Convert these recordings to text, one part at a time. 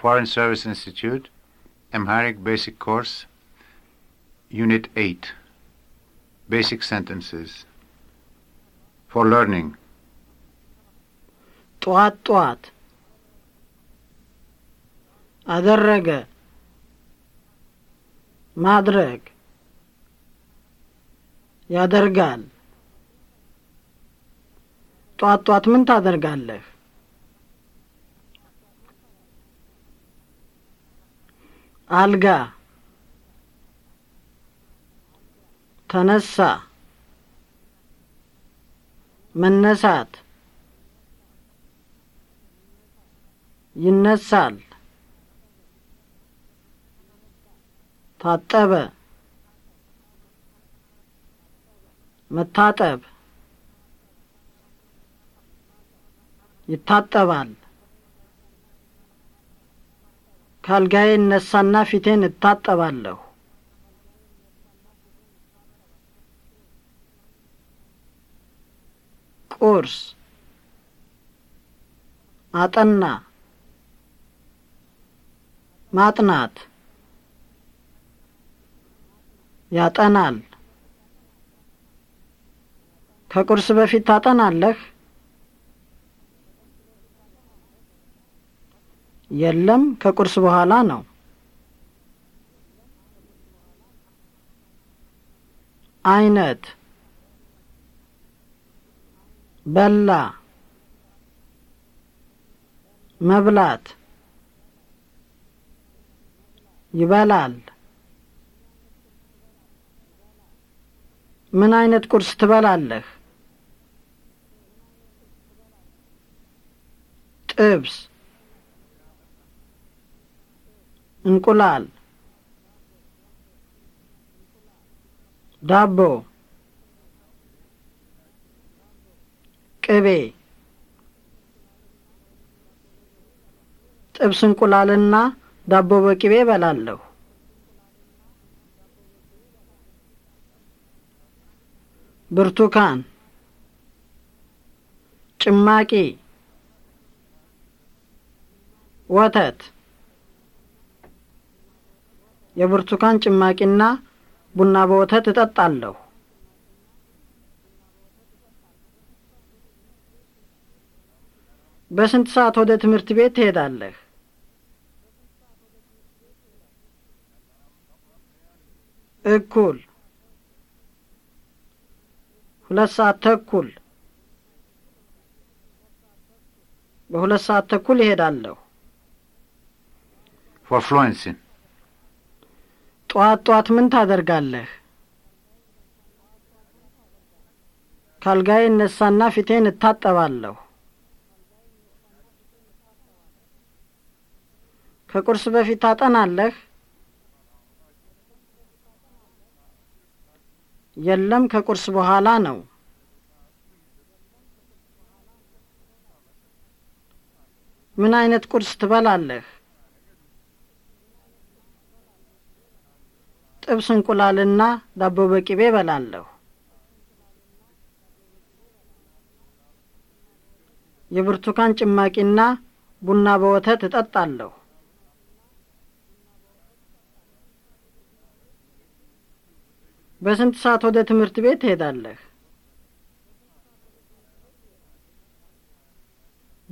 Foreign Service Institute, Amharic Basic Course, Unit 8, Basic Sentences. For learning. Tuat tuat. Adarrega. Madreg. Yadargal. Tuat tuat mint adargal lech. አልጋ ተነሳ መነሳት ይነሳል ታጠበ መታጠብ ይታጠባል ካልጋዬ እነሳና ፊቴን እታጠባለሁ። ቁርስ አጠና ማጥናት ያጠናል። ከቁርስ በፊት ታጠናለህ? የለም ከቁርስ በኋላ ነው። አይነት በላ መብላት ይበላል። ምን አይነት ቁርስ ትበላለህ? ጥብስ እንቁላል ዳቦ ቅቤ ጥብስ እንቁላልና ዳቦ በቅቤ እበላለሁ። ብርቱካን ጭማቂ ወተት የብርቱካን ጭማቂና ቡና በወተት እጠጣለሁ። በስንት ሰዓት ወደ ትምህርት ቤት ትሄዳለህ? እኩል ሁለት ሰዓት ተኩል በሁለት ሰዓት ተኩል ይሄዳለሁ። ፎር ፍሎንሲን ጧት ጧት ምን ታደርጋለህ? ካልጋዬ እነሳና ፊቴን እታጠባለሁ። ከቁርስ በፊት ታጠናለህ? የለም፣ ከቁርስ በኋላ ነው። ምን አይነት ቁርስ ትበላለህ? ጥብስ እንቁላልና ዳቦ በቅቤ እበላለሁ። የብርቱካን ጭማቂና ቡና በወተት እጠጣለሁ። በስንት ሰዓት ወደ ትምህርት ቤት ትሄዳለህ?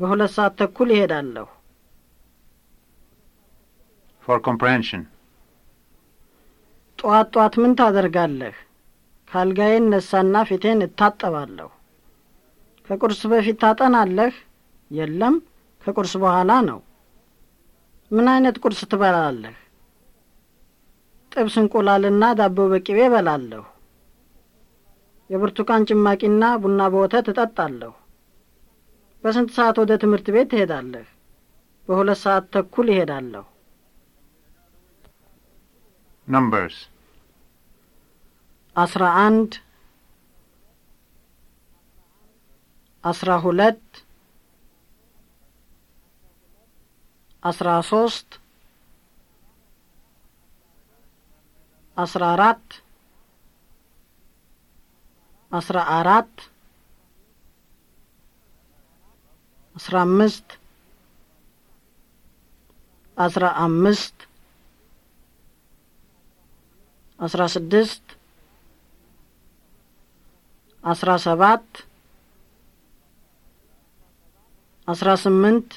በሁለት ሰዓት ተኩል ይሄዳለሁ። ፎር ኮምፕሬንሽን ጧት ጧት ምን ታደርጋለህ? ካልጋዬ እነሳና ፊቴን እታጠባለሁ። ከቁርስ በፊት ታጠናለህ? የለም፣ ከቁርስ በኋላ ነው። ምን አይነት ቁርስ ትበላለህ? ጥብስ እንቁላልና ዳቦ በቅቤ እበላለሁ። የብርቱካን ጭማቂና ቡና በወተት እጠጣለሁ። በስንት ሰዓት ወደ ትምህርት ቤት ትሄዳለህ? በሁለት ሰዓት ተኩል እሄዳለሁ። numbers. አስራ አንድ አስራ ሁለት አስራ ሶስት አስራ አራት አስራ አራት አስራ አምስት አስራ አምስት አስራ ስድስት አስራ ሰባት አስራ ስምንት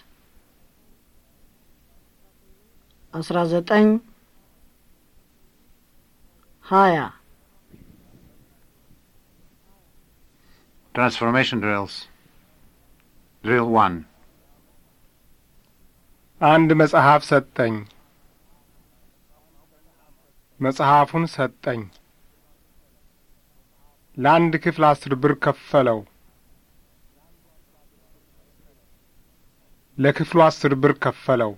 አስራ ዘጠኝ ሀያ Transformation drills. Drill one. And as I have said thing. መጽሐፉን ሰጠኝ። ለአንድ ክፍል አስር ብር ከፈለው። ለክፍሉ አስር ብር ከፈለው።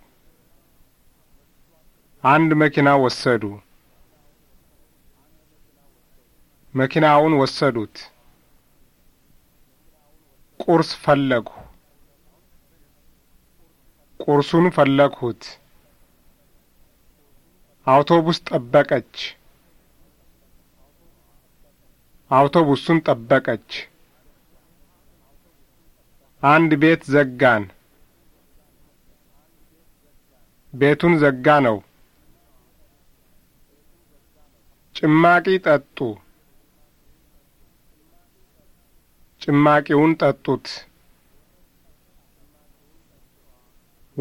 አንድ መኪና ወሰዱ። መኪናውን ወሰዱት። ቁርስ ፈለግሁ። ቁርሱን ፈለግሁት። አውቶቡስ ጠበቀች። አውቶቡሱን ጠበቀች። አንድ ቤት ዘጋን። ቤቱን ዘጋ ነው። ጭማቂ ጠጡ። ጭማቂውን ጠጡት።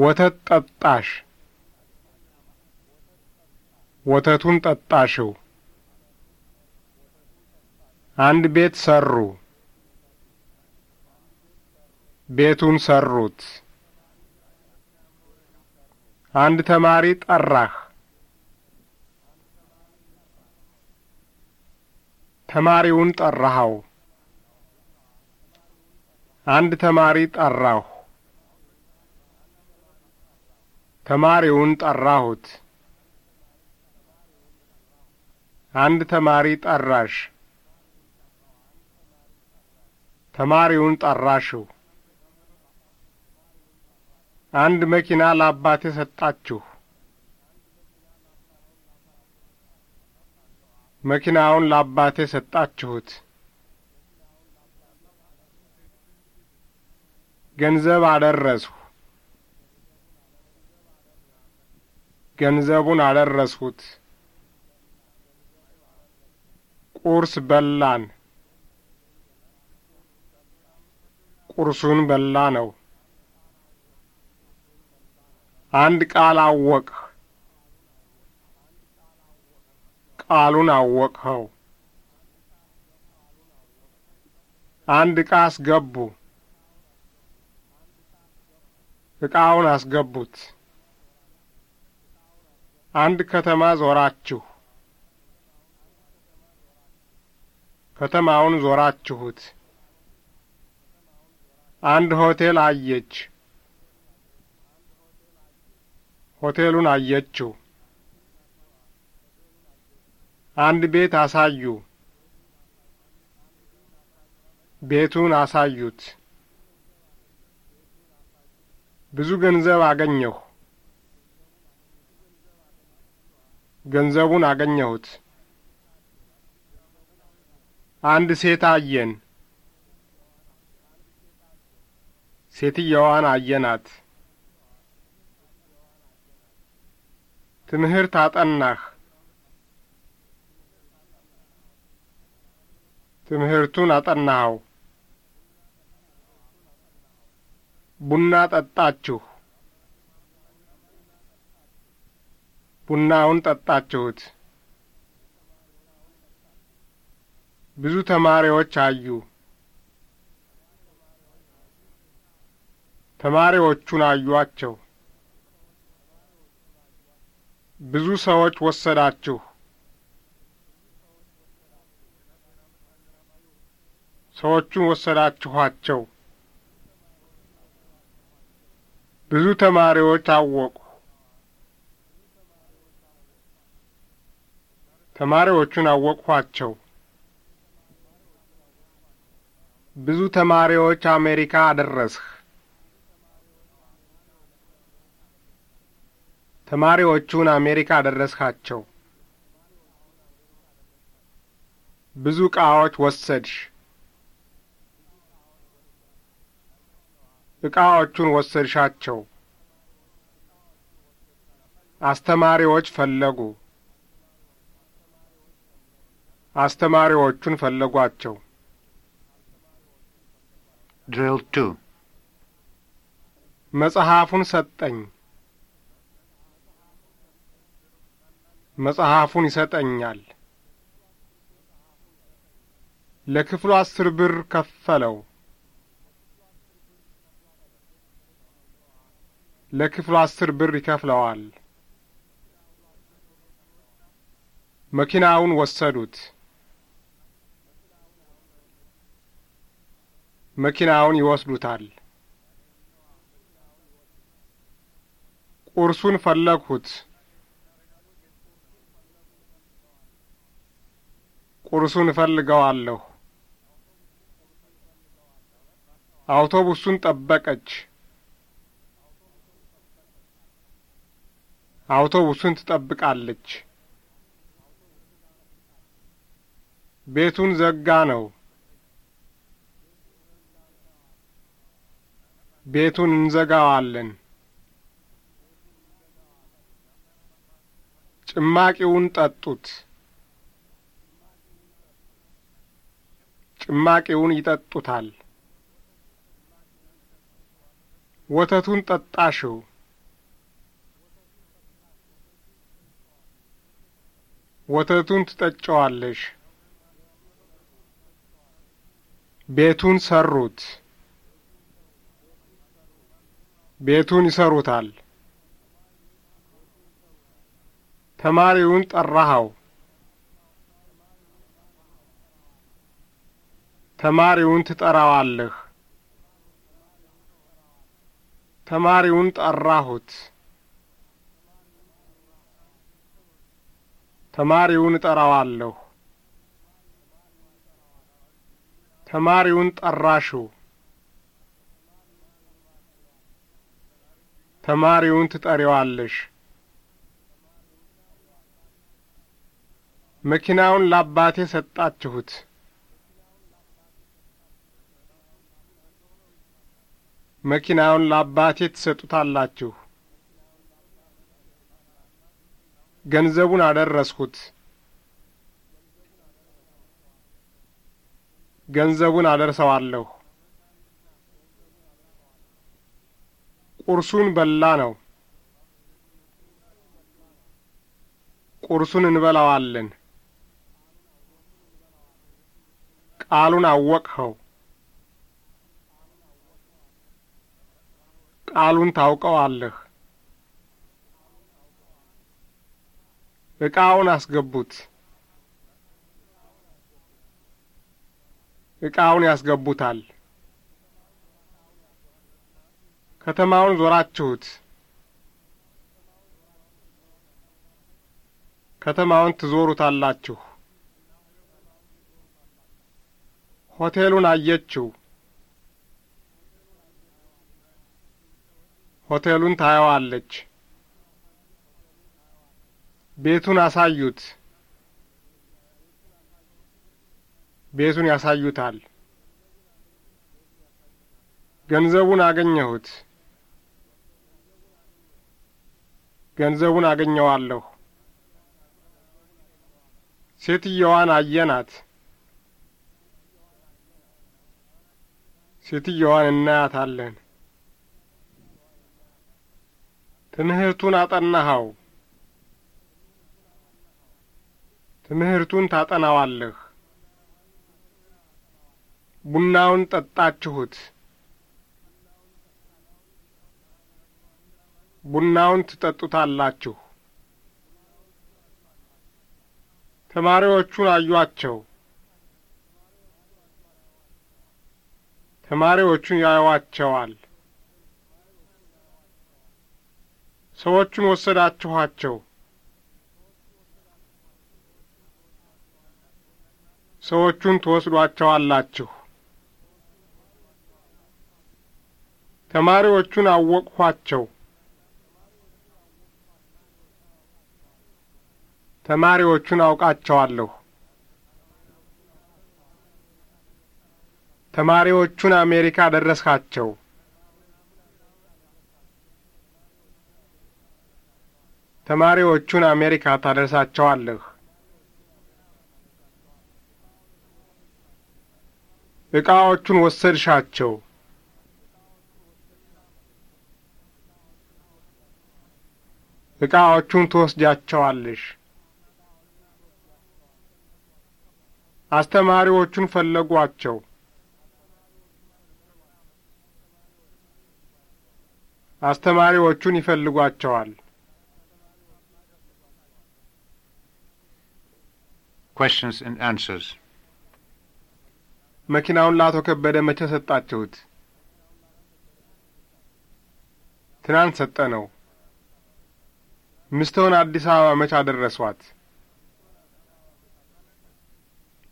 ወተት ጠጣሽ ወተቱን ጠጣሽው። አንድ ቤት ሰሩ። ቤቱን ሰሩት። አንድ ተማሪ ጠራህ። ተማሪውን ጠራኸው። አንድ ተማሪ ጠራሁ። ተማሪውን ጠራሁት። አንድ ተማሪ ጠራሽ። ተማሪውን ጠራሽው። አንድ መኪና ለአባቴ ሰጣችሁ። መኪናውን ለአባቴ ሰጣችሁት። ገንዘብ አደረስሁ። ገንዘቡን አደረስሁት። ቁርስ በላን። ቁርሱን በላ ነው። አንድ ቃል አወቅህ። ቃሉን አወቅኸው። አንድ ዕቃ አስገቡ። ዕቃውን አስገቡት። አንድ ከተማ ዞራችሁ ከተማውን ዞራችሁት። አንድ ሆቴል አየች። ሆቴሉን አየችው። አንድ ቤት አሳዩ። ቤቱን አሳዩት። ብዙ ገንዘብ አገኘሁ። ገንዘቡን አገኘሁት። አንድ ሴት አየን። ሴትየዋን አየናት። ትምህርት አጠናህ። ትምህርቱን አጠናኸው። ቡና ጠጣችሁ። ቡናውን ጠጣችሁት። ብዙ ተማሪዎች አዩ። ተማሪዎቹን አዩአቸው። ብዙ ሰዎች ወሰዳችሁ። ሰዎቹን ወሰዳችኋቸው። ብዙ ተማሪዎች አወቁ። ተማሪዎቹን አወቅኋቸው። ብዙ ተማሪዎች አሜሪካ አደረስህ። ተማሪዎቹን አሜሪካ አደረስካቸው። ብዙ ዕቃዎች ወሰድሽ። ዕቃዎቹን ወሰድሻቸው። አስተማሪዎች ፈለጉ። አስተማሪዎቹን ፈለጓቸው። drill 2 መጽሐፉን ሰጠኝ። መጽሐፉን ይሰጠኛል። ለክፍሉ አስር ብር ከፈለው። ለክፍሉ አስር ብር ይከፍለዋል። መኪናውን ወሰዱት። መኪናውን ይወስዱታል። ቁርሱን ፈለግሁት። ቁርሱን እፈልገዋለሁ። አውቶቡሱን ጠበቀች። አውቶቡሱን ትጠብቃለች። ቤቱን ዘጋ ነው። ቤቱን እንዘጋዋለን። ጭማቂውን ጠጡት። ጭማቂውን ይጠጡታል። ወተቱን ጠጣሽው። ወተቱን ትጠጨዋለሽ። ቤቱን ሰሩት። ቤቱን ይሰሩታል። ተማሪውን ጠራኸው። ተማሪውን ትጠራዋለህ። ተማሪውን ጠራሁት። ተማሪውን እጠራዋለሁ። ተማሪውን ጠራሽው። ተማሪውን ትጠሪዋለሽ። መኪናውን ለአባቴ ሰጣችሁት። መኪናውን ለአባቴ ትሰጡታላችሁ። ገንዘቡን አደረስኩት። ገንዘቡን አደርሰዋለሁ። ቁርሱን በላ ነው። ቁርሱን እንበላዋለን። ቃሉን አወቅኸው። ቃሉን ታውቀዋለህ። ዕቃውን አስገቡት። ዕቃውን ያስገቡታል። ከተማውን ዞራችሁት። ከተማውን ትዞሩታላችሁ። ሆቴሉን አየችው። ሆቴሉን ታየዋለች። ቤቱን አሳዩት። ቤቱን ያሳዩታል። ገንዘቡን አገኘሁት። ገንዘቡን አገኘዋለሁ። ሴትየዋን አየናት። ሴትየዋን እናያታለን። ትምህርቱን አጠናኸው። ትምህርቱን ታጠናዋለህ። ቡናውን ጠጣችሁት። ቡናውን ትጠጡታላችሁ። ተማሪዎቹን አዩአቸው። ተማሪዎቹን ያዩዋቸዋል። ሰዎቹን ወሰዳችኋቸው። ሰዎቹን ትወስዷቸዋላችሁ። ተማሪዎቹን አወቅኋቸው። ተማሪዎቹን አውቃቸዋለሁ። ተማሪዎቹን አሜሪካ ደረስካቸው። ተማሪዎቹን አሜሪካ ታደርሳቸዋለህ። ዕቃዎቹን ወሰድሻቸው። ዕቃዎቹን ትወስጃቸዋለሽ። አስተማሪዎቹን ፈለጓቸው። አስተማሪዎቹን ይፈልጓቸዋል። questions and answers መኪናውን ለአቶ ከበደ መቼ ሰጣችሁት? ትናንት ሰጠ ነው። ሚስትዎን አዲስ አበባ መቼ አደረሷት?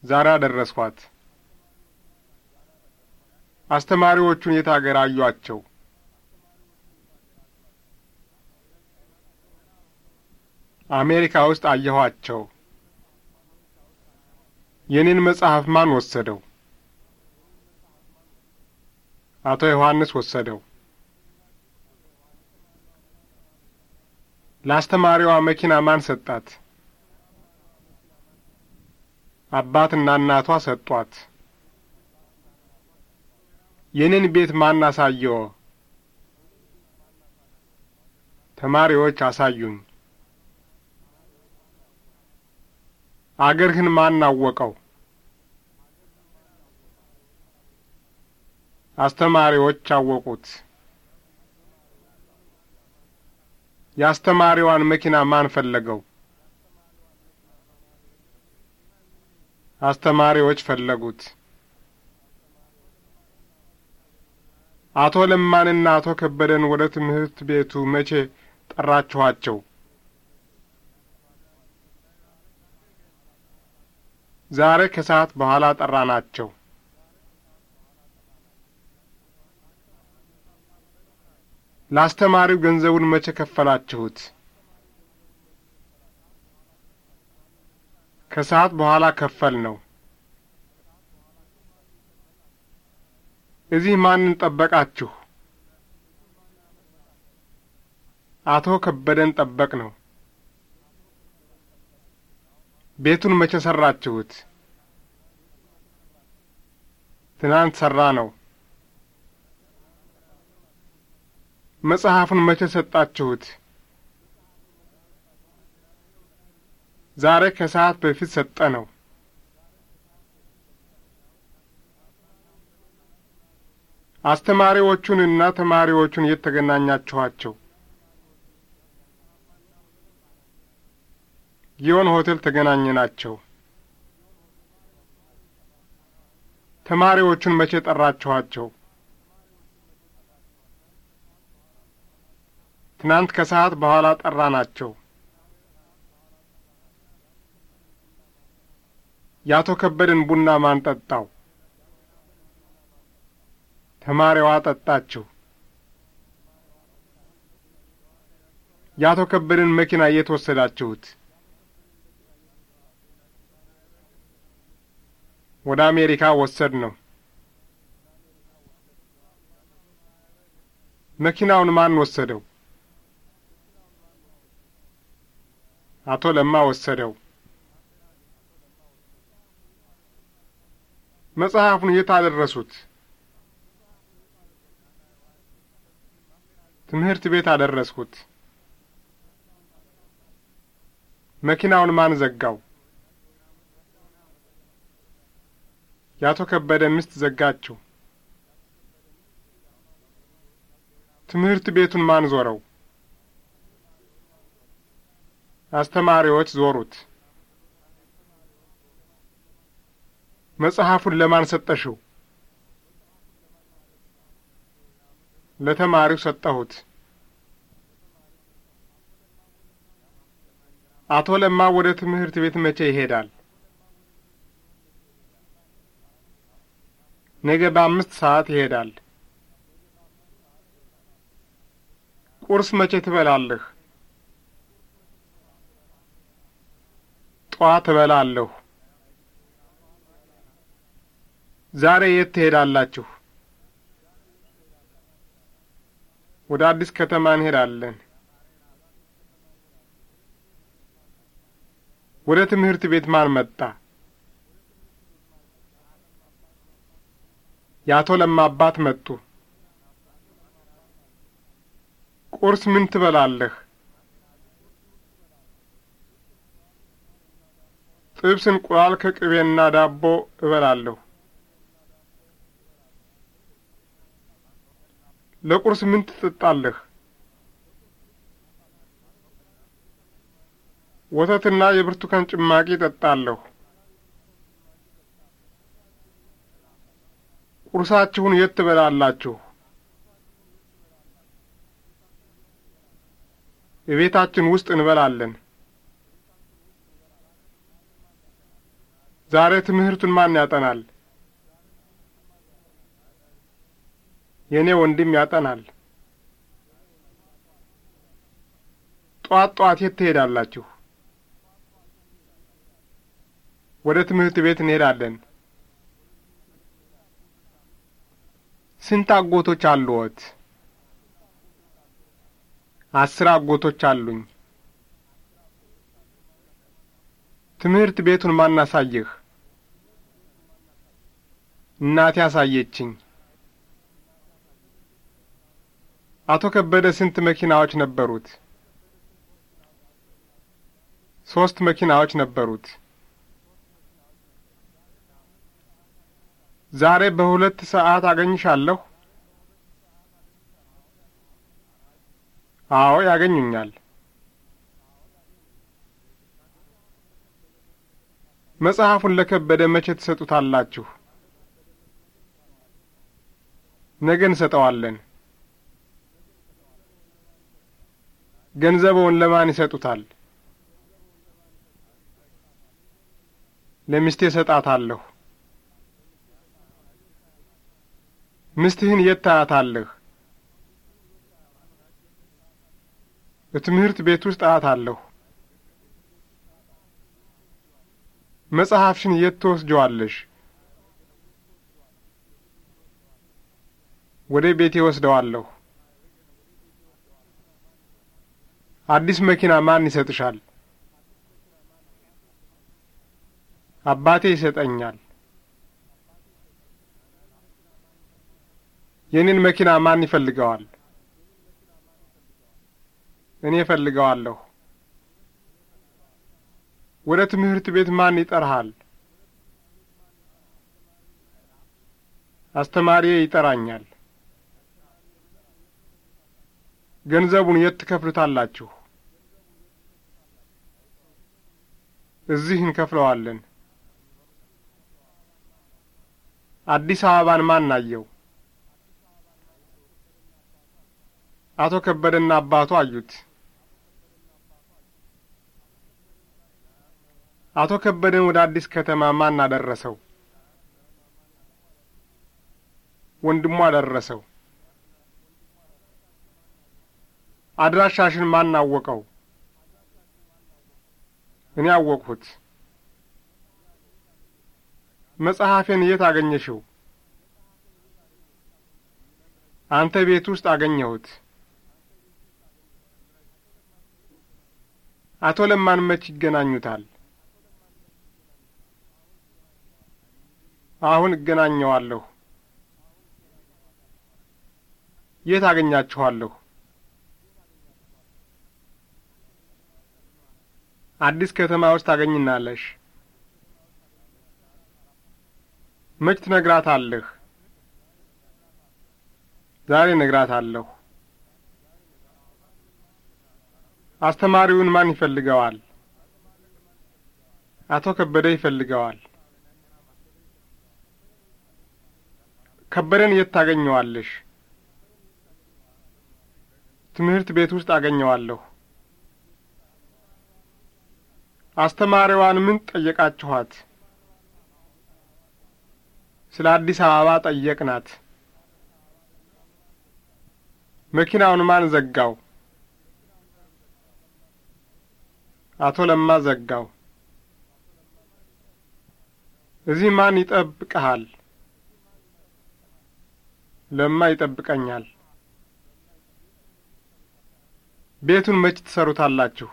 ዛራ ደረስኳት። አስተማሪዎቹን የት አገር አዩአቸው? አሜሪካ ውስጥ አየኋቸው። የኔን መጽሐፍ ማን ወሰደው? አቶ ዮሐንስ ወሰደው። ለአስተማሪዋ መኪና ማን ሰጣት? አባትና እናቷ ሰጧት። ይህንን ቤት ማን ተማሪዎች አሳዩኝ። አገርህን ማን አወቀው? አስተማሪዎች አወቁት። የአስተማሪዋን መኪና ማን ፈለገው? አስተማሪዎች ፈለጉት። አቶ ለማንና አቶ ከበደን ወደ ትምህርት ቤቱ መቼ ጠራችኋቸው? ዛሬ ከሰዓት በኋላ ጠራ ናቸው። ለአስተማሪው ገንዘቡን መቼ ከፈላችሁት? ከሰዓት በኋላ ከፈል ነው። እዚህ ማንን ጠበቃችሁ? አቶ ከበደን ጠበቅ ነው። ቤቱን መቼ ሰራችሁት? ትናንት ሰራ ነው። መጽሐፉን መቼ ሰጣችሁት? ዛሬ ከሰዓት በፊት ሰጠ ነው። አስተማሪዎቹንና ተማሪዎቹን የት ተገናኛችኋቸው? ጊዮን ሆቴል ተገናኘናቸው። ተማሪዎቹን መቼ ጠራችኋቸው? ትናንት ከሰዓት በኋላ ጠራናቸው። የአቶ ከበደን ቡና ማን ጠጣው? ተማሪዋ ጠጣችው። የአቶ ከበደን መኪና የት ወሰዳችሁት? ወደ አሜሪካ ወሰድ ነው። መኪናውን ማን ወሰደው? አቶ ለማ ወሰደው። መጽሐፉን የት አደረሱት? ትምህርት ቤት አደረስኩት። መኪናውን ማን ዘጋው? የአቶ ከበደ ሚስት ዘጋችው። ትምህርት ቤቱን ማን ዞረው? አስተማሪዎች ዞሩት። መጽሐፉን ለማን ሰጠሽው? ለተማሪው ሰጠሁት። አቶ ለማ ወደ ትምህርት ቤት መቼ ይሄዳል? ነገ በአምስት ሰዓት ይሄዳል። ቁርስ መቼ ትበላለህ? ጠዋት እበላለሁ። ዛሬ የት ትሄዳላችሁ? ወደ አዲስ ከተማ እንሄዳለን። ወደ ትምህርት ቤት ማን መጣ? የአቶ ለማ አባት መጡ። ቁርስ ምን ትበላለህ? ጥብስ፣ እንቁላል ከቅቤና ዳቦ እበላለሁ። ለቁርስ ምን ትጠጣለህ? ወተትና የብርቱካን ጭማቂ ጠጣለሁ። ቁርሳችሁን የት ትበላላችሁ? የቤታችን ውስጥ እንበላለን። ዛሬ ትምህርቱን ማን ያጠናል? የእኔ ወንድም ያጠናል። ጧት ጧት የት ትሄዳላችሁ? ወደ ትምህርት ቤት እንሄዳለን። ስንት አጎቶች አሉዎት? አስር አጎቶች አሉኝ። ትምህርት ቤቱን ማናሳየህ? እናቴ አሳየችኝ። አቶ ከበደ ስንት መኪናዎች ነበሩት? ሶስት መኪናዎች ነበሩት። ዛሬ በሁለት ሰዓት አገኝሻለሁ? አዎ ያገኙኛል። መጽሐፉን ለከበደ መቼ ትሰጡታላችሁ? ነገ እንሰጠዋለን። ገንዘበውን ለማን ይሰጡታል? ለሚስቴ እሰጣታለሁ። ምስትህን የት ታያታለህ? በትምህርት ቤት ውስጥ አያታለሁ። መጽሐፍሽን የት ትወስጀዋለሽ? ወደ ቤቴ ወስደዋለሁ። አዲስ መኪና ማን ይሰጥሻል? አባቴ ይሰጠኛል። የኔን መኪና ማን ይፈልገዋል? እኔ እፈልገዋለሁ። ወደ ትምህርት ቤት ማን ይጠራሃል? አስተማሪዬ ይጠራኛል። ገንዘቡን የት ትከፍሉታላችሁ? እዚህ እንከፍለዋለን። አዲስ አበባን ማን አየው? አቶ ከበደና አባቱ አዩት። አቶ ከበደን ወደ አዲስ ከተማ ማን አደረሰው? ወንድሟ አደረሰው። አድራሻሽን ማን አወቀው? እኔ አወቅሁት። መጽሐፌን የት አገኘሽው? አንተ ቤት ውስጥ አገኘሁት። አቶ ለማን መች ይገናኙታል? አሁን እገናኘዋለሁ። የት አገኛችኋለሁ? አዲስ ከተማ ውስጥ ታገኝናለሽ። መች ትነግራታለህ? ዛሬ እነግራታለሁ። አስተማሪውን ማን ይፈልገዋል? አቶ ከበደ ይፈልገዋል። ከበደን የት ታገኘዋለሽ? ትምህርት ቤት ውስጥ አገኘዋለሁ። አስተማሪዋን ምን ጠየቃችኋት? ስለ አዲስ አበባ ጠየቅናት። መኪናውን ማን ዘጋው? አቶ ለማ ዘጋው። እዚህ ማን ይጠብቀሃል? ለማ ይጠብቀኛል። ቤቱን መች ትሰሩታላችሁ?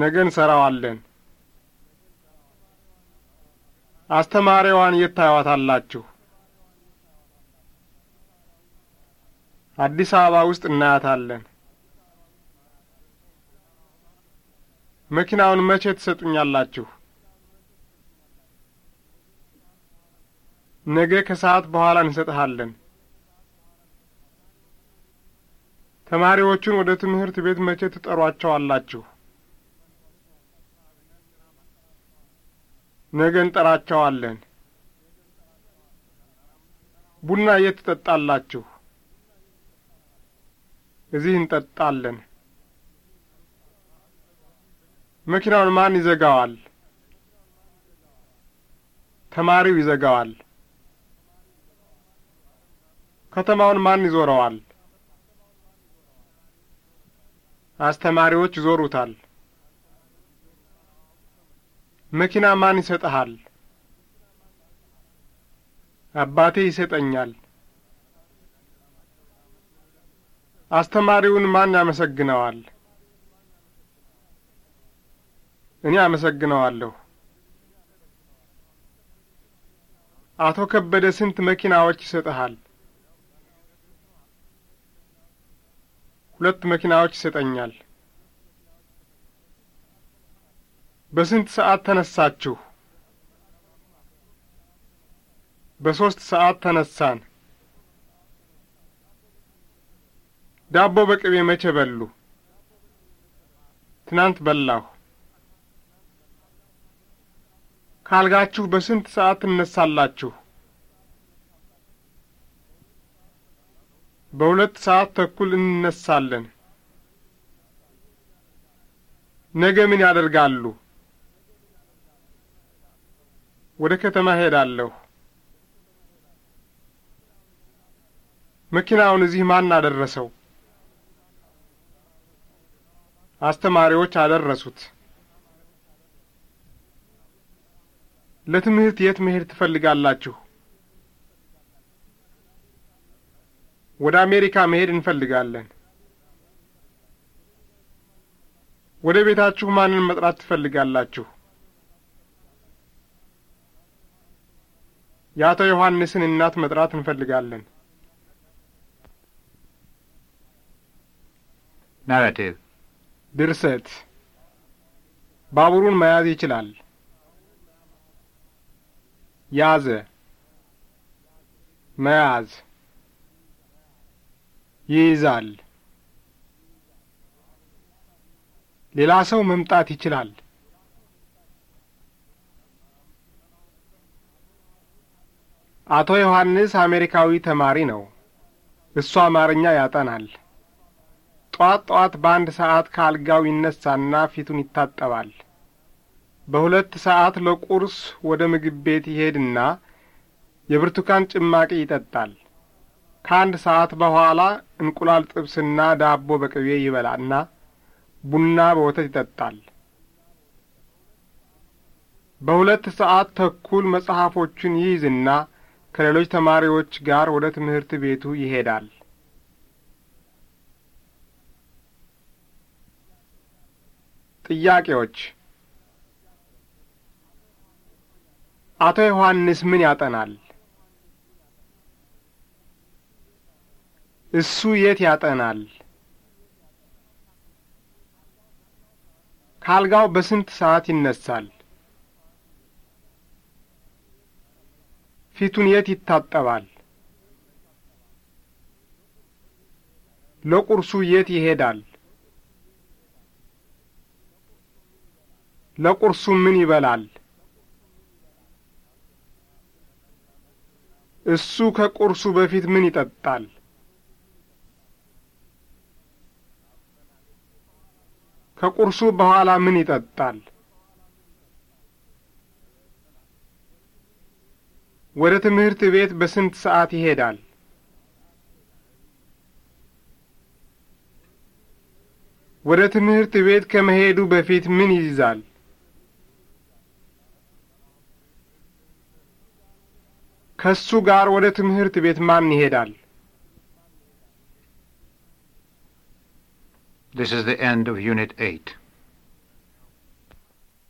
ነገ እንሰራዋለን። አስተማሪዋን የት ታዩዋታላችሁ? አዲስ አበባ ውስጥ እናያታለን። መኪናውን መቼ ትሰጡኛላችሁ? ነገ ከሰዓት በኋላ እንሰጥሃለን። ተማሪዎቹን ወደ ትምህርት ቤት መቼ ትጠሯቸዋላችሁ? ነገ እንጠራቸዋለን። ቡና የት ትጠጣላችሁ? እዚህ እንጠጣለን። መኪናውን ማን ይዘጋዋል? ተማሪው ይዘጋዋል። ከተማውን ማን ይዞረዋል? አስተማሪዎች ይዞሩታል። መኪና ማን ይሰጠሃል? አባቴ ይሰጠኛል። አስተማሪውን ማን ያመሰግነዋል? እኔ አመሰግነዋለሁ። አቶ ከበደ ስንት መኪናዎች ይሰጠሃል? ሁለት መኪናዎች ይሰጠኛል። በስንት ሰዓት ተነሳችሁ? በሦስት ሰዓት ተነሳን። ዳቦ በቅቤ መቼ በሉ? ትናንት በላሁ። ካልጋችሁ በስንት ሰዓት ትነሳላችሁ? በሁለት ሰዓት ተኩል እንነሳለን። ነገ ምን ያደርጋሉ? ወደ ከተማ ሄዳለሁ። መኪናውን እዚህ ማን አደረሰው? አስተማሪዎች አደረሱት። ለትምህርት የት መሄድ ትፈልጋላችሁ? ወደ አሜሪካ መሄድ እንፈልጋለን። ወደ ቤታችሁ ማንን መጥራት ትፈልጋላችሁ? የአቶ ዮሐንስን እናት መጥራት እንፈልጋለን። ናራቲቭ ድርሰት ባቡሩን መያዝ ይችላል። ያዘ፣ መያዝ፣ ይይዛል። ሌላ ሰው መምጣት ይችላል። አቶ ዮሐንስ አሜሪካዊ ተማሪ ነው። እሱ አማርኛ ያጠናል። ጧት ጧት በአንድ ሰዓት ከአልጋው ይነሳና ፊቱን ይታጠባል። በሁለት ሰዓት ለቁርስ ወደ ምግብ ቤት ይሄድና የብርቱካን ጭማቂ ይጠጣል። ከአንድ ሰዓት በኋላ እንቁላል ጥብስና ዳቦ በቅቤ ይበላና ቡና በወተት ይጠጣል። በሁለት ሰዓት ተኩል መጽሐፎቹን ይይዝና ከሌሎች ተማሪዎች ጋር ወደ ትምህርት ቤቱ ይሄዳል። ጥያቄዎች አቶ ዮሐንስ ምን ያጠናል? እሱ የት ያጠናል? ካልጋው በስንት ሰዓት ይነሳል? ፊቱን የት ይታጠባል? ለቁርሱ የት ይሄዳል? ለቁርሱ ምን ይበላል? እሱ ከቁርሱ በፊት ምን ይጠጣል? ከቁርሱ በኋላ ምን ይጠጣል? ወደ ትምህርት ቤት በስንት ሰዓት ይሄዳል? ወደ ትምህርት ቤት ከመሄዱ በፊት ምን ይይዛል? ከሱ ጋር ወደ ትምህርት ቤት ማን ይሄዳል? This is the end of Unit 8.